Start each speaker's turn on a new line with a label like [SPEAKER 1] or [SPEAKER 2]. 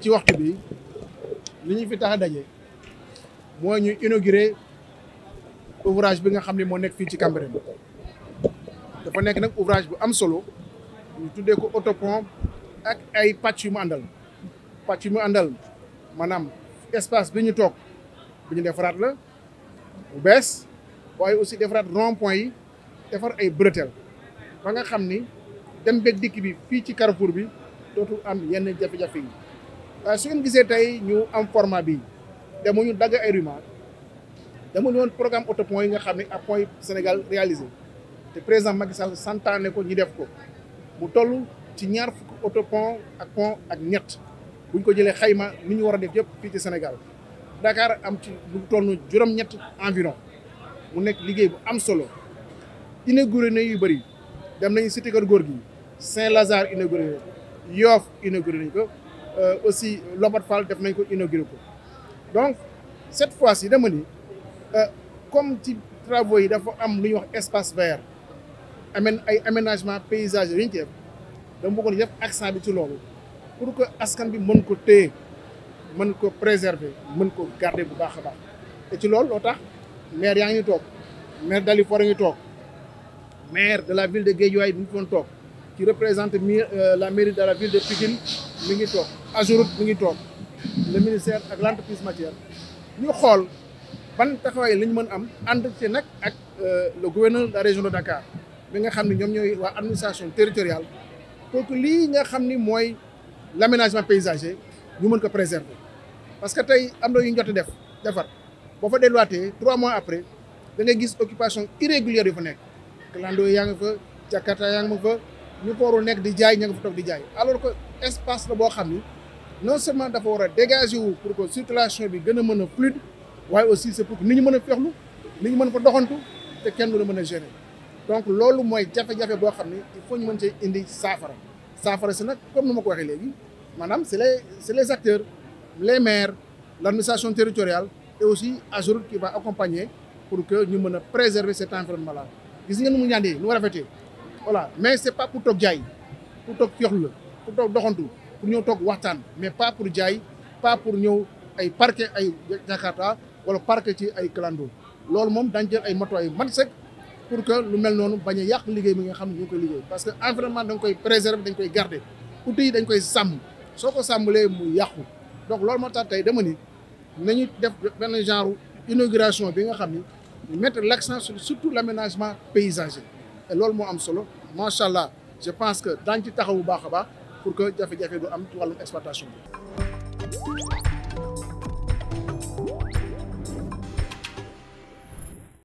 [SPEAKER 1] ci waxtu bi li ñu fi tax a daje mooy ñu inauguré ouvrage bi nga xam ne moo nekk fii ci Cambérène dafa nekk nag ouvrage bu am solo ñu tuddee ko autopont ak ay pàcc yu mu àndal pàcc yu mu àndal maanaam espace bi ñu toog bi ñu defaraat la bu bees waaye aussi defaraat rond point yi defar ay bretelles ba nga xam ni dem beeg dikk bi fii ci Carrefour bi dootul am yenn jafe-jafe yi waaye su ngeen gisee tey ñu am format bi demuñu dagg ay rumeur demuñu woon programme autopont yi nga xam ne ak point Sénégal réalisé te président Macky Sall santaane ko ñu def ko mu toll ci ñaar fukk ak pont ak ñett buñ ko jëlee xayma ni ñu war a def yëpp fii ci Sénégal Dakar am ci lu toll juróom-ñett environ mu nekk liggéey bu am solo inauguré na yu bëri dem nañu cité kër góor gi Saint-Lazare inauguré nañ ko Yoff inauguré nañ ko euh, aussi Lobat Fall def nañ ko inauguré ko donc cette fois-ci dama ni euh, comme ci travaux yi dafa am lu ñuy wax espace vert amène ay aménagement paysager yu ñu ci def dama bëggoon def accent bi ci loolu pour que askan bi mën ko téye mën ko préserver mën ko garder bu baax a baax te ci loolu loo tax maire yaa ngi toog maire Dali Fora ngi toog maire de la ville de Guédiawaye mi ngi doon toog qui représente euh, la mairie de la ville de Pikine mi ngi toog Ageroute mi ngi toog le ministère ak l' entreprise matière ñu xool ban taxawaay la ñu mën am ànd ci nag ak euh, le gouverneur de la région de Dakar bi nga xam ne ñoom ñooy waa administration territoriale pour lii nga xam ni mooy l' aménagement paysager ñu mën ko préserver parce que tey am na yu ñu jot def defar boo fa delluwaatee trois mois après da ngay gis occupation irrégulière yu fa nekk. clando yaa nga fa Jakarta yaa nga fa ñu ko warul nekk di jaay ña nga fa toog di jaay alors que espace la boo xam ni non seulement dafa war a dégager wu pour que circulation bi gën a mën a fluide waaye aussi c'est pour que nit ñi mën a fexlu nit ñu mën fa doxantu te kenn du la mën a gérer donc loolu mooy jafe-jafe boo xam ni il faut ñu mën cee indi saafara saafara si nag comme nu ma ko waxee léegi maanaam c'est les c'est les acteurs les maires l'administration territoriale et aussi AGEROUTE qui va accompagner pour ñu mën a préserver cet environnement là gis nga nu mu ñaandee nu mu rafetee voilà mais c'est pas pour toog jaay pour toog yoxlu la pour toog doxantu pour ñëw toog waxtaan mais pas pour jaay pas pour ñëw ay parquet ay jakarta wala parquet ci ay clando loolu moom dañ jël ay matuwaay yu mat sëkk pour que lu mel noonu bañ a yàq liggéey bi nga xam ne ñu ngi koy liggéey parce que environnement dañ koy préserver dañ koy garder outils yi dañ koy sàmm soo ko sàmmalee mu yàqu donc loolu moo tax tey dama ni nañu def benn genre inauguration bi nga xam ni mettre l'accent sur surtout l'aménagement paysager et loolu moo am solo macha allah je pense que daañu ci taxaw bu baax a baax pour que jafe-jafe du am ci wàllum exploitation bi.